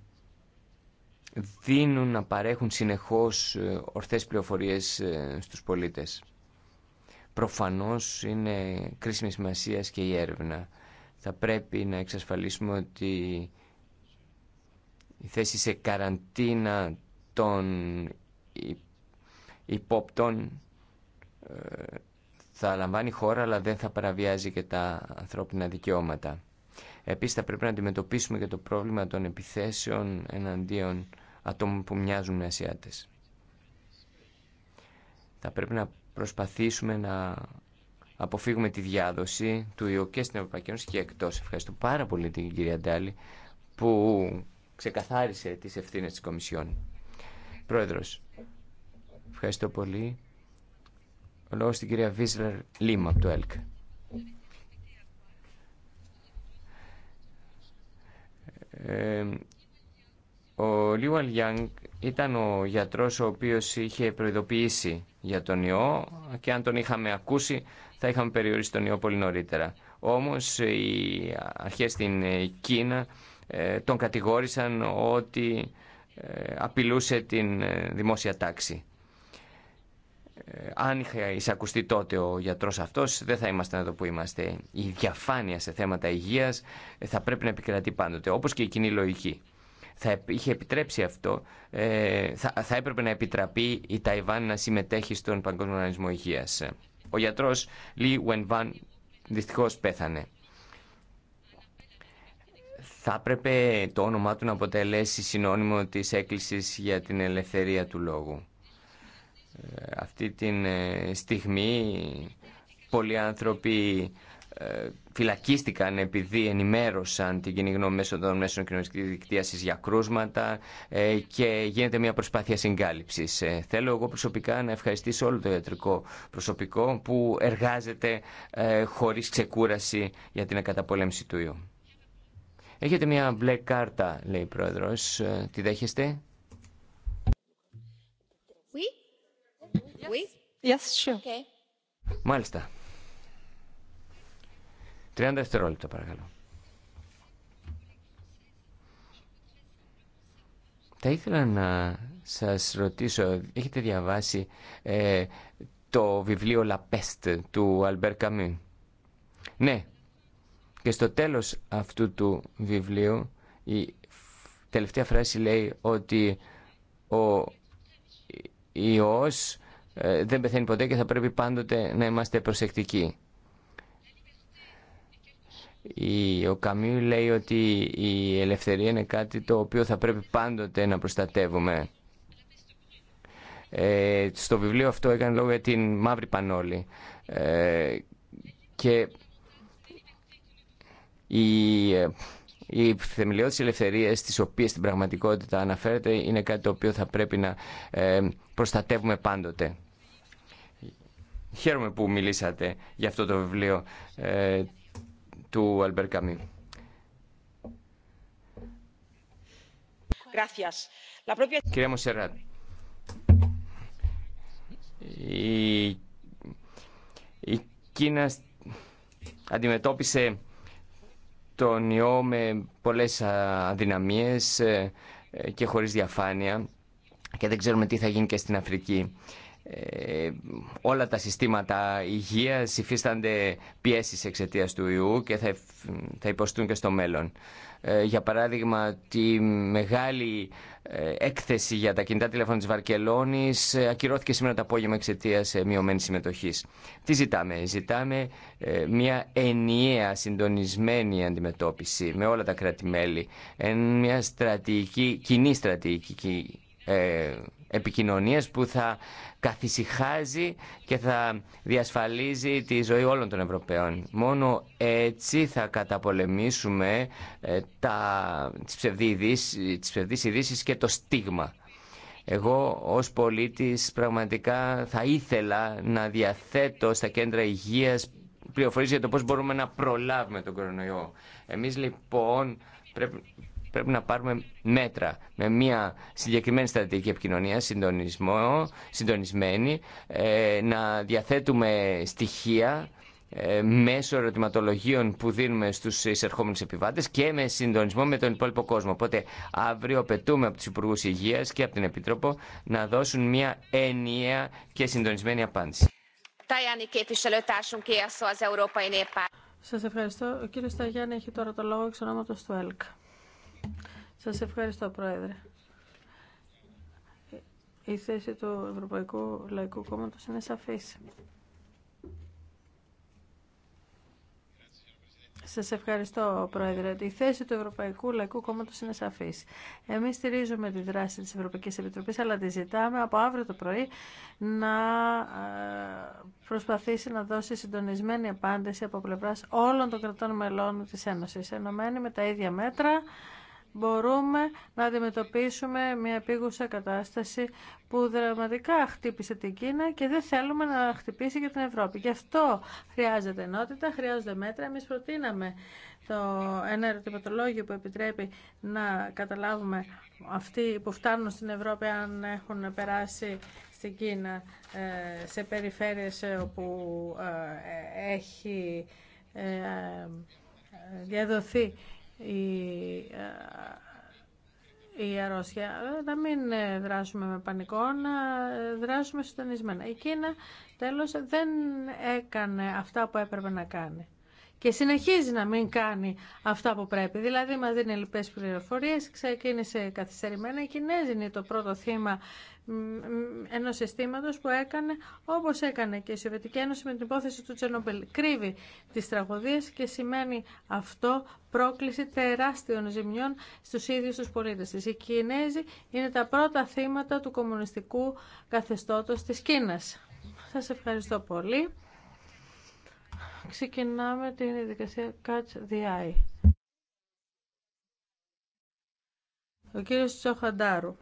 δίνουν, να παρέχουν συνεχώς ε, ορθές πληροφορίες ε, στους πολίτες. Προφανώς είναι κρίσιμη σημασία και η έρευνα θα πρέπει να εξασφαλίσουμε ότι η θέση σε καραντίνα των υπόπτων ε, θα λαμβάνει χώρα αλλά δεν θα παραβιάζει και τα ανθρώπινα δικαιώματα. Επίσης θα πρέπει να αντιμετωπίσουμε και το πρόβλημα των επιθέσεων εναντίον ατόμων που μοιάζουν με Ασιάτες. Θα πρέπει να προσπαθήσουμε να αποφύγουμε τη διάδοση του ιού και στην Ευρωπαϊκή Ένωση και εκτός. Ευχαριστώ πάρα πολύ την κυρία Ντάλη που ξεκαθάρισε τις ευθύνε της Κομισιόν. Πρόεδρος, ευχαριστώ πολύ. Ο λόγος στην κυρία Βίσλερ Λίμα από το ΕΛΚ. Ε, ο Λίου Αλιάνγκ ήταν ο γιατρός ο οποίος είχε προειδοποιήσει για τον ιό και αν τον είχαμε ακούσει θα είχαμε περιορίσει τον ιό πολύ νωρίτερα. Όμως οι αρχές στην Κίνα ε, τον κατηγόρησαν ότι ε, απειλούσε την ε, δημόσια τάξη. Αν είχε εισακουστεί τότε ο γιατρός αυτός, δεν θα ήμασταν εδώ που είμαστε. Η διαφάνεια σε θέματα υγείας θα πρέπει να επικρατεί πάντοτε, όπως και η κοινή λογική. Θα είχε επιτρέψει αυτό, θα έπρεπε να επιτραπεί η Ταϊβάν να συμμετέχει στον Παγκόσμιο Οργανισμό Υγείας. Ο γιατρός Λι Βαν δυστυχώς πέθανε. Θα έπρεπε το όνομά του να αποτελέσει συνώνυμο της έκκλησης για την ελευθερία του λόγου. Ε, αυτή τη ε, στιγμή πολλοί άνθρωποι ε, φυλακίστηκαν επειδή ενημέρωσαν την κοινή γνώμη μέσω των μέσων κοινωνική δικτύασης για κρούσματα ε, και γίνεται μια προσπάθεια συγκάλυψης. Ε, θέλω εγώ προσωπικά να ευχαριστήσω όλο το ιατρικό προσωπικό που εργάζεται χωρίς ξεκούραση για την καταπολέμηση του ιού. Έχετε μια μπλε κάρτα, λέει η Πρόεδρος. Τη δέχεστε? Oui? Yes, sure. Okay. Μάλιστα. 30 δευτερόλεπτα παρακαλώ. Θα ήθελα να σας ρωτήσω, έχετε διαβάσει ε, το βιβλίο La Peste του Αλμπέρ Καμιν. Ναι, και στο τέλος αυτού του βιβλίου η τελευταία φράση λέει ότι ο ιός ε, δεν πεθαίνει ποτέ και θα πρέπει πάντοτε να είμαστε προσεκτικοί. Ο Καμίου λέει ότι η ελευθερία είναι κάτι το οποίο θα πρέπει πάντοτε να προστατεύουμε. Ε, στο βιβλίο αυτό έκανε λόγο για την μαύρη πανόλη. Ε, και η, ε, οι θεμελιώδεις ελευθερίες τις οποίες στην πραγματικότητα αναφέρεται είναι κάτι το οποίο θα πρέπει να προστατεύουμε πάντοτε. Χαίρομαι που μιλήσατε για αυτό το βιβλίο La propia... Queremos cerrar. η... η Κίνα αντιμετώπισε τον ιό με πολλές αδυναμίες ε, και χωρίς διαφάνεια και δεν ξέρουμε τι θα γίνει και στην Αφρική. Ε, όλα τα συστήματα υγείας υφίστανται πιέσεις εξαιτίας του ιού και θα, υποστούν και στο μέλλον. Ε, για παράδειγμα, τη μεγάλη ε, έκθεση για τα κινητά τηλέφωνα της Βαρκελόνης ακυρώθηκε σήμερα το απόγευμα εξαιτία μειωμένη συμμετοχής. Τι ζητάμε. Ζητάμε μια ενιαία συντονισμένη αντιμετώπιση με όλα τα κράτη-μέλη. Μια στρατηγική, κοινή στρατηγική επικοινωνίες που θα καθησυχάζει και θα διασφαλίζει τη ζωή όλων των Ευρωπαίων. Μόνο έτσι θα καταπολεμήσουμε ε, τα, τις, ψευδείς, τις ειδήσει και το στίγμα. Εγώ ως πολίτης πραγματικά θα ήθελα να διαθέτω στα κέντρα υγείας πληροφορίες για το πώς μπορούμε να προλάβουμε τον κορονοϊό. Εμείς λοιπόν πρέπει, πρέπει να πάρουμε μέτρα με μια συγκεκριμένη στρατηγική επικοινωνία, συντονισμό, συντονισμένη, ε, να διαθέτουμε στοιχεία ε, μέσω ερωτηματολογίων που δίνουμε στους εισερχόμενους επιβάτες και με συντονισμό με τον υπόλοιπο κόσμο. Οπότε αύριο πετούμε από τους Υπουργούς Υγείας και από την Επίτροπο να δώσουν μια ενιαία και συντονισμένη απάντηση. Σας ευχαριστώ. Ο κύριος Σταγιάννη έχει τώρα το λόγο εξ ονόματος του ΕΛΚ. Σας ευχαριστώ, Πρόεδρε. Η θέση του Ευρωπαϊκού Λαϊκού Κόμματος είναι σαφής. Σας ευχαριστώ, Πρόεδρε. Η θέση του Ευρωπαϊκού Λαϊκού Κόμματο είναι σαφή. Εμεί στηρίζουμε τη δράση τη Ευρωπαϊκή Επιτροπή, αλλά τη ζητάμε από αύριο το πρωί να ε, προσπαθήσει να δώσει συντονισμένη απάντηση από πλευρά όλων των κρατών μελών τη Ένωση, ενωμένη με τα ίδια μέτρα μπορούμε να αντιμετωπίσουμε μια επίγουσα κατάσταση που δραματικά χτύπησε την Κίνα και δεν θέλουμε να χτυπήσει και την Ευρώπη. Γι' αυτό χρειάζεται ενότητα, χρειάζονται μέτρα. Εμείς προτείναμε το, ένα ερωτηματολόγιο που επιτρέπει να καταλάβουμε αυτοί που φτάνουν στην Ευρώπη αν έχουν περάσει στην Κίνα ε, σε περιφέρειες όπου ε, έχει ε, διαδοθεί η, ε, η αρρώστια. Να μην ε, δράσουμε με πανικό, να δράσουμε συντονισμένα. Η Κίνα τέλος δεν έκανε αυτά που έπρεπε να κάνει και συνεχίζει να μην κάνει αυτά που πρέπει. Δηλαδή μας δίνει λοιπέ πληροφορίε, ξεκίνησε καθυστερημένα. Οι Κινέζοι είναι το πρώτο θύμα ενό συστήματο που έκανε όπω έκανε και η Σοβιετική Ένωση με την υπόθεση του Τσερνομπίλ. Κρύβει τι τραγωδίε και σημαίνει αυτό πρόκληση τεράστιων ζημιών στου ίδιου του πολίτε τη. Οι Κινέζοι είναι τα πρώτα θύματα του κομμουνιστικού καθεστώτο τη Κίνα. Σα ευχαριστώ πολύ. Ξεκινάμε την διαδικασία Catch the Eye. Ο κύριος Τσοχαντάρου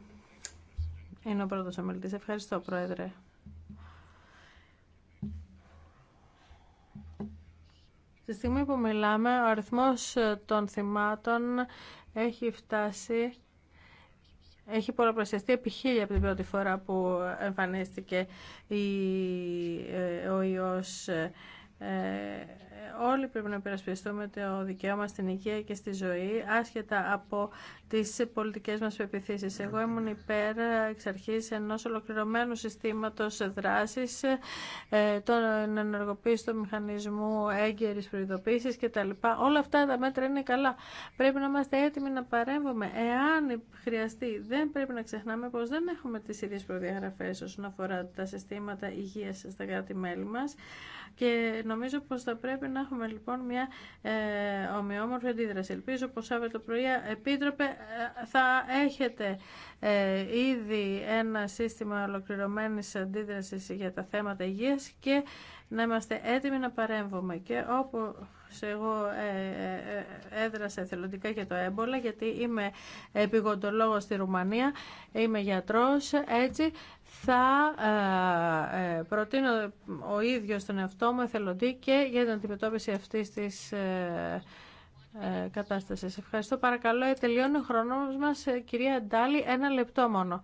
είναι ο πρώτος ομιλητής. Ευχαριστώ, Πρόεδρε. Στη στιγμή που μιλάμε, ο αριθμός ε, των θυμάτων έχει φτάσει έχει πολλαπλασιαστεί επί χίλια από την πρώτη φορά που εμφανίστηκε η, ε, ο ιός ε, ε όλοι πρέπει να υπερασπιστούμε το δικαίωμα στην υγεία και στη ζωή, άσχετα από τι πολιτικέ μα πεπιθήσει. Εγώ ήμουν υπέρ εξ αρχή ενό ολοκληρωμένου συστήματος δράση, ε, τον ενεργοποίηση του μηχανισμού έγκαιρη προειδοποίηση κτλ. Όλα αυτά τα μέτρα είναι καλά. Πρέπει να είμαστε έτοιμοι να παρέμβουμε. Εάν χρειαστεί, δεν πρέπει να ξεχνάμε πώ δεν έχουμε τις ίδιες προδιαγραφές όσον αφορά τα συστήματα υγεία στα κράτη-μέλη μα και νομίζω πω θα πρέπει να έχουμε λοιπόν μια ε, ομοιόμορφη αντίδραση. Ελπίζω πως αύριο το πρωί, επίτροπε, ε, θα έχετε ε, ήδη ένα σύστημα ολοκληρωμένης αντίδρασης για τα θέματα υγείας και να είμαστε έτοιμοι να παρέμβουμε. Και όπου εγώ ε, ε, έδρασα εθελοντικά για το έμπολα, γιατί είμαι επιγοντολόγος στη Ρουμανία, είμαι γιατρός, έτσι θα ε, ε, προτείνω ο ίδιος τον εαυτό μου εθελοντή και για την αντιμετώπιση αυτής της ε, κατάστασης. Ευχαριστώ παρακαλώ. Τελειώνει ο χρόνος μας. Κυρία Ντάλη, ένα λεπτό μόνο.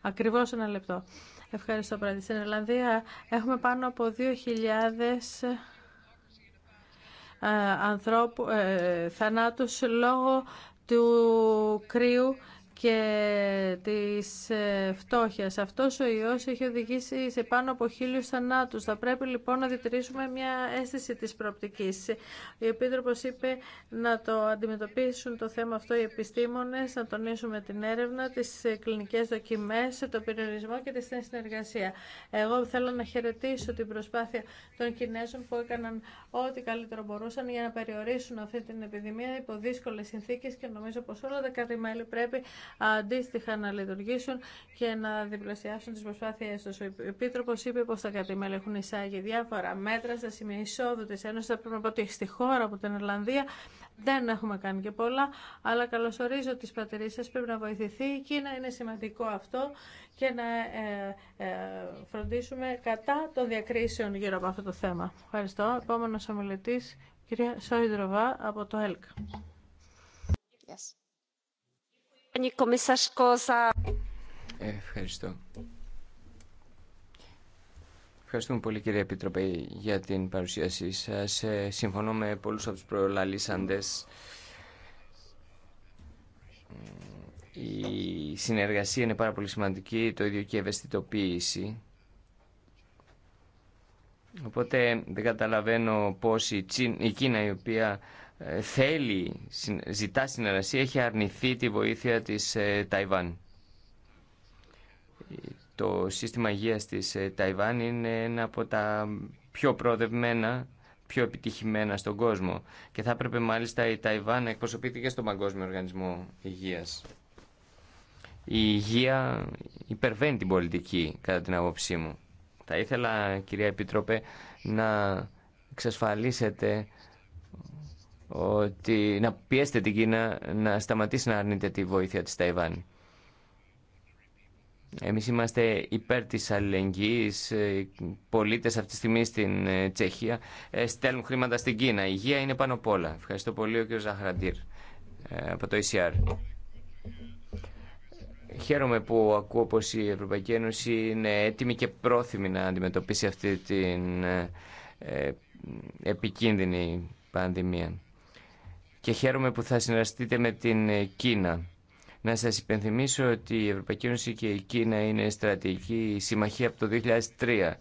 Ακριβώς ένα λεπτό. Ευχαριστώ πράγματι. Στην Ελλανδία έχουμε πάνω από 2.000 ανθρώπου, θανάτους λόγω του κρύου και της ε, φτώχειας. Αυτός ο ιός έχει οδηγήσει σε πάνω από χίλιους θανάτους. Θα πρέπει λοιπόν να διατηρήσουμε μια αίσθηση της προοπτικής. Ο Επίτροπος είπε να το αντιμετωπίσουν το θέμα αυτό οι επιστήμονες, να τονίσουμε την έρευνα, τις ε, κλινικές δοκιμές, το περιορισμό και τη συνεργασία. Εγώ θέλω να χαιρετήσω την προσπάθεια των Κινέζων που έκαναν ό,τι καλύτερο μπορούσαν για να περιορίσουν αυτή την επιδημία υπό δύσκολες συνθήκες και νομίζω πως όλα τα κρατη πρέπει αντίστοιχα να λειτουργήσουν και να διπλασιάσουν τι προσπάθειε του. Ο επίτροπο, είπε πω τα κατημέλια έχουν εισάγει διάφορα μέτρα στα σημεία εισόδου τη Ένωση. Θα πρέπει να πω ότι στη χώρα από την Ιρλανδία δεν έχουμε κάνει και πολλά, αλλά καλωσορίζω τι πατρίσει. σα πρέπει να βοηθηθεί η Κίνα, είναι σημαντικό αυτό και να ε, ε φροντίσουμε κατά των διακρίσεων γύρω από αυτό το θέμα. Ευχαριστώ. επόμενο ομιλητή, κυρία Σόιντροβα από το ΕΛΚ. Yes. Ευχαριστώ. Ευχαριστούμε πολύ κύριε Επίτροπε για την παρουσίασή σας. Ε, συμφωνώ με πολλούς από τους προλαλήσαντες. Η συνεργασία είναι πάρα πολύ σημαντική, το ίδιο και η ευαισθητοποίηση. Οπότε δεν καταλαβαίνω πώς η, Κίνα η οποία ε, θέλει, ζητά συνεργασία, έχει αρνηθεί τη βοήθεια της ε, Ταϊβάν. Ε, το σύστημα υγείας της Ταϊβάν είναι ένα από τα πιο προοδευμένα, πιο επιτυχημένα στον κόσμο και θα έπρεπε μάλιστα η Ταϊβάν να εκπροσωπείται και στον Παγκόσμιο Οργανισμό Υγείας. Η υγεία υπερβαίνει την πολιτική, κατά την άποψή μου. Θα ήθελα, κυρία Επίτροπε, να εξασφαλίσετε ότι να πιέσετε την Κίνα να σταματήσει να αρνείται τη βοήθεια της Ταϊβάν. Εμείς είμαστε υπέρ της αλληλεγγύης, οι ε, πολίτες αυτή τη στιγμή στην ε, Τσεχία ε, στέλνουν χρήματα στην Κίνα. Η υγεία είναι πάνω απ' όλα. Ευχαριστώ πολύ ο κ. Ζαχραντήρ από το ECR. Χαίρομαι που ακούω πως η Ευρωπαϊκή Ένωση είναι έτοιμη και πρόθυμη να αντιμετωπίσει αυτή την επικίνδυνη πανδημία και χαίρομαι που θα συνεργαστείτε με την ε, Κίνα. Να σας υπενθυμίσω ότι η Ευρωπαϊκή Ένωση και η Κίνα είναι στρατηγική συμμαχία από το 2003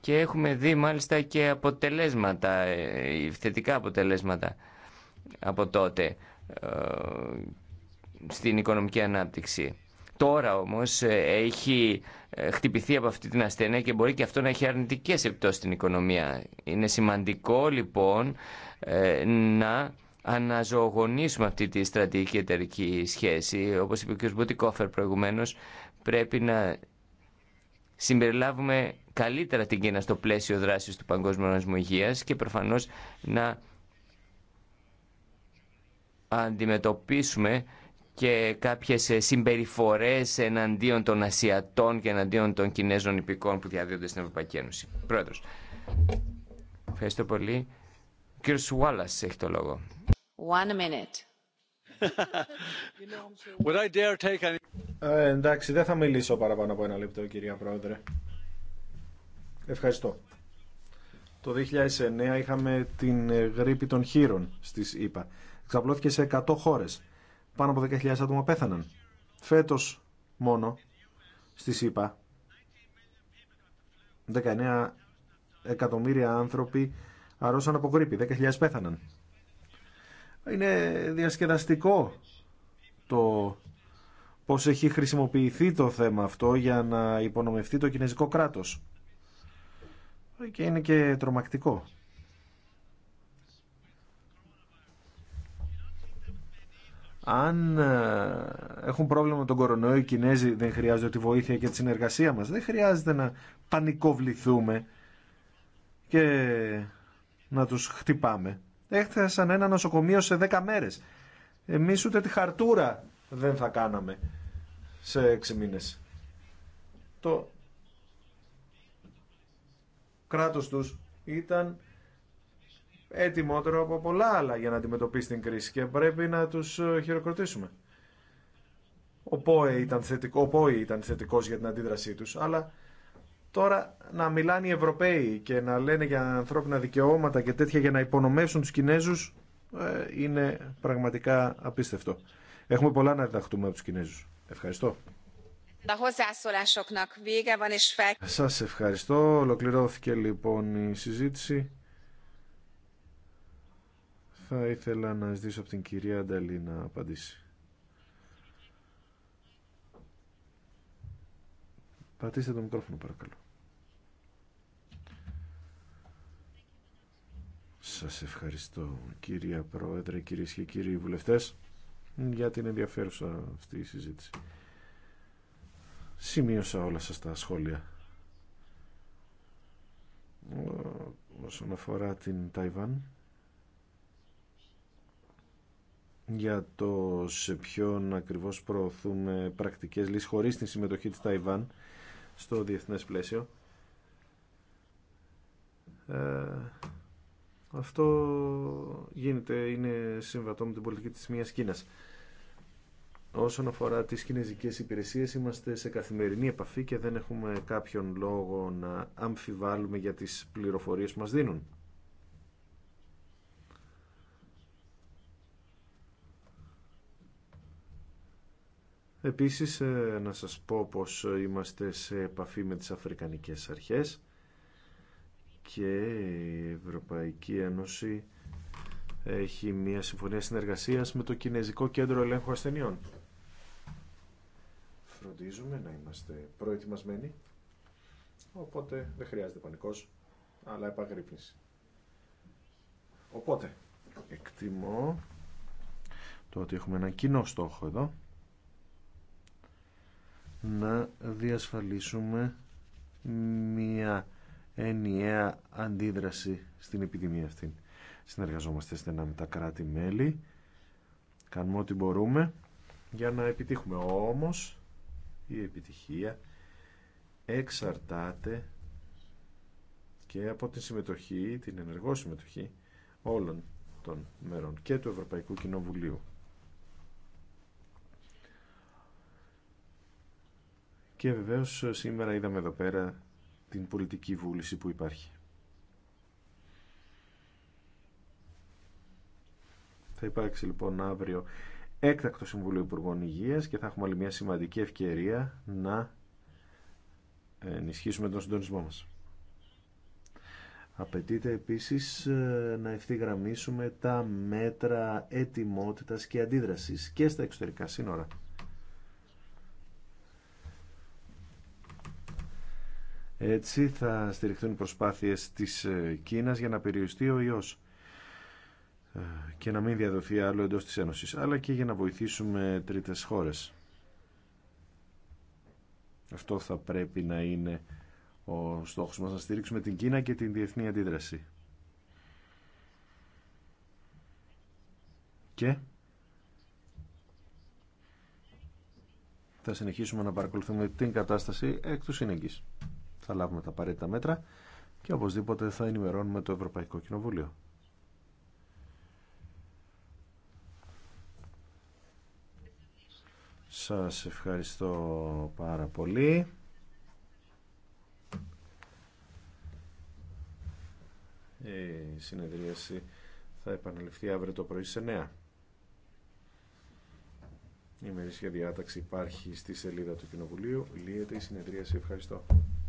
και έχουμε δει μάλιστα και αποτελέσματα, ε, ε, θετικά αποτελέσματα από τότε στην οικονομική ανάπτυξη. Τώρα όμως έχει χτυπηθεί από αυτή την ασθένεια και μπορεί και αυτό να έχει αρνητικές επιπτώσεις στην οικονομία. Είναι σημαντικό λοιπόν να αναζωογονήσουμε αυτή τη στρατηγική εταιρική σχέση. Όπως είπε ο κ. Μπουτικόφερ προηγουμένως, πρέπει να συμπεριλάβουμε καλύτερα την Κίνα στο πλαίσιο δράσης του Παγκόσμιου Οργανισμού Υγείας και προφανώς να αντιμετωπίσουμε και κάποιες συμπεριφορές εναντίον των Ασιατών και εναντίον των Κινέζων υπηκών που διαδίδονται στην Ευρωπαϊκή Ένωση. Πρόεδρος, ευχαριστώ πολύ κύριος έχει το λόγο. One minute. Would I dare take any... Ε, εντάξει, δεν θα μιλήσω παραπάνω από ένα λεπτό, κυρία Πρόεδρε. Ευχαριστώ. Το 2009 είχαμε την γρήπη των χείρων στις ΗΠΑ. Ξαπλώθηκε σε 100 χώρες. Πάνω από 10.000 άτομα πέθαναν. Φέτος μόνο στις ΗΠΑ 19 εκατομμύρια άνθρωποι αρρώσαν από γρήπη, 10.000 πέθαναν. Είναι διασκεδαστικό το πώς έχει χρησιμοποιηθεί το θέμα αυτό για να υπονομευτεί το κινέζικο κράτος. Και είναι και τρομακτικό. Αν ε, έχουν πρόβλημα με τον κορονοϊό οι Κινέζοι δεν χρειάζονται τη βοήθεια και τη συνεργασία μας. Δεν χρειάζεται να πανικοβληθούμε και να τους χτυπάμε. Έχθεσαν ένα νοσοκομείο σε δέκα μέρες. Εμείς ούτε τη χαρτούρα δεν θα κάναμε σε έξι μήνες. Το κράτος τους ήταν έτοιμότερο από πολλά άλλα για να αντιμετωπίσει την κρίση και πρέπει να τους ε, χειροκροτήσουμε. Ο ήταν, θετικό, ο ΠΟΕ ήταν θετικός για την αντίδρασή τους, αλλά Τώρα να μιλάνε οι Ευρωπαίοι και να λένε για ανθρώπινα δικαιώματα και τέτοια για να υπονομεύσουν τους Κινέζους ε, είναι πραγματικά απίστευτο. Έχουμε πολλά να διδαχτούμε από τους Κινέζους. Ευχαριστώ. Σας ευχαριστώ. Ολοκληρώθηκε λοιπόν η συζήτηση. Θα ήθελα να ζητήσω από την κυρία Ανταλή να απαντήσει. Πατήστε το μικρόφωνο παρακαλώ. Σας ευχαριστώ κύρια Πρόεδρε, κυρίε και κύριοι βουλευτές για την ενδιαφέρουσα αυτή η συζήτηση. Σημείωσα όλα σας τα σχόλια. Όσον αφορά την Ταϊβάν, για το σε ποιον ακριβώς προωθούμε πρακτικές λύσεις χωρίς την συμμετοχή της Ταϊβάν στο διεθνές πλαίσιο. Ε, αυτό γίνεται, είναι συμβατό με την πολιτική της μίας Κίνας. Όσον αφορά τις κινέζικες υπηρεσίες, είμαστε σε καθημερινή επαφή και δεν έχουμε κάποιον λόγο να αμφιβάλλουμε για τις πληροφορίες που μας δίνουν. Επίσης, ε, να σας πω πως είμαστε σε επαφή με τις Αφρικανικές Αρχές και η Ευρωπαϊκή Ένωση έχει μια συμφωνία συνεργασίας με το Κινέζικο Κέντρο Ελέγχου Ασθενειών. Φροντίζουμε να είμαστε προετοιμασμένοι, οπότε δεν χρειάζεται πανικός, αλλά επαγρύπνηση. Οπότε, εκτιμώ το ότι έχουμε ένα κοινό στόχο εδώ, να διασφαλίσουμε μια ενιαία αντίδραση στην επιδημία αυτή. Συνεργαζόμαστε στενά με τα κράτη-μέλη, κάνουμε ό,τι μπορούμε για να επιτύχουμε. Όμως η επιτυχία εξαρτάται και από την συμμετοχή, την ενεργό συμμετοχή όλων των μέρων και του Ευρωπαϊκού Κοινοβουλίου. Και βεβαίως σήμερα είδαμε εδώ πέρα την πολιτική βούληση που υπάρχει. Θα υπάρξει λοιπόν αύριο έκτακτο Συμβούλιο Υπουργών Υγείας και θα έχουμε άλλη μια σημαντική ευκαιρία να ενισχύσουμε τον συντονισμό μας. Απαιτείται επίσης να ευθυγραμμίσουμε τα μέτρα ετοιμότητας και αντίδρασης και στα εξωτερικά σύνορα. Έτσι θα στηριχθούν οι προσπάθειες της ε, Κίνας για να περιοριστεί ο ιός ε, και να μην διαδοθεί άλλο εντός της Ένωσης, αλλά και για να βοηθήσουμε τρίτες χώρες. Αυτό θα πρέπει να είναι ο στόχος μας, να στηρίξουμε την Κίνα και την διεθνή αντίδραση. Και θα συνεχίσουμε να παρακολουθούμε την κατάσταση εκ του συνεγγύς θα λάβουμε τα απαραίτητα μέτρα και οπωσδήποτε θα ενημερώνουμε το Ευρωπαϊκό Κοινοβούλιο. Σας ευχαριστώ πάρα πολύ. Η συνεδρίαση θα επαναληφθεί αύριο το πρωί σε 9. Η ημερήσια διάταξη υπάρχει στη σελίδα του Κοινοβουλίου. Λύεται η συνεδρίαση. Ευχαριστώ.